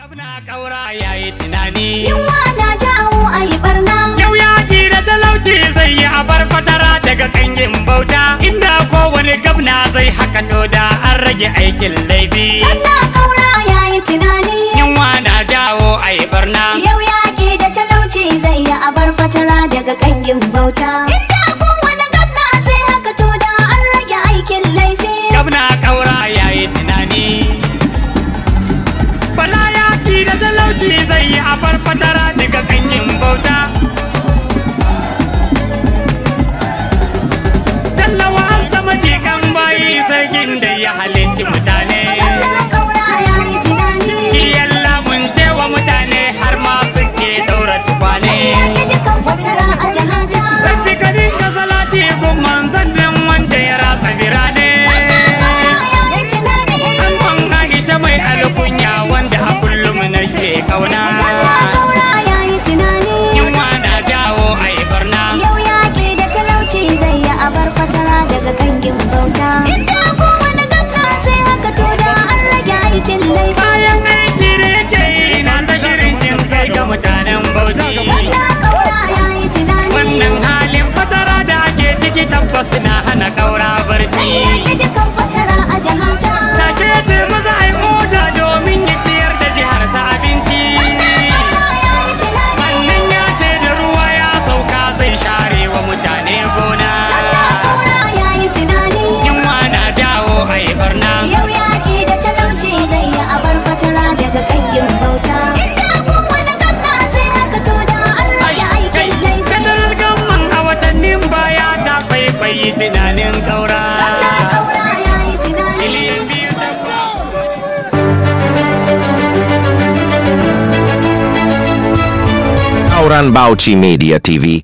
Gabna kaura ya yi tunani. Yunwa na jawo a barna. Yau yaƙi da talauci zai yi abar fatara daga kangin bauta. Inda kowane gabna zai haka to da an rage aikin laifi. Gabna kaura ya yi tunani. Yunwa na jawo a barna. Yau yaƙi da talauci zai yi abar fatara daga kangin bauta. I'm apar patara ke kauna ya yi tunani yunwa na jawo a yi barna yau yaƙi da talauci zai yi bar fatara daga kangin bauta inda ko wani zai sai haka da an rage aikin laifi bayan aiki ne ke yi na ta shirin jin kai ga mutanen bauti wannan kauna ya yi tunani wannan halin fatara da ake ciki tabbas na Farhan Bauchi Media TV.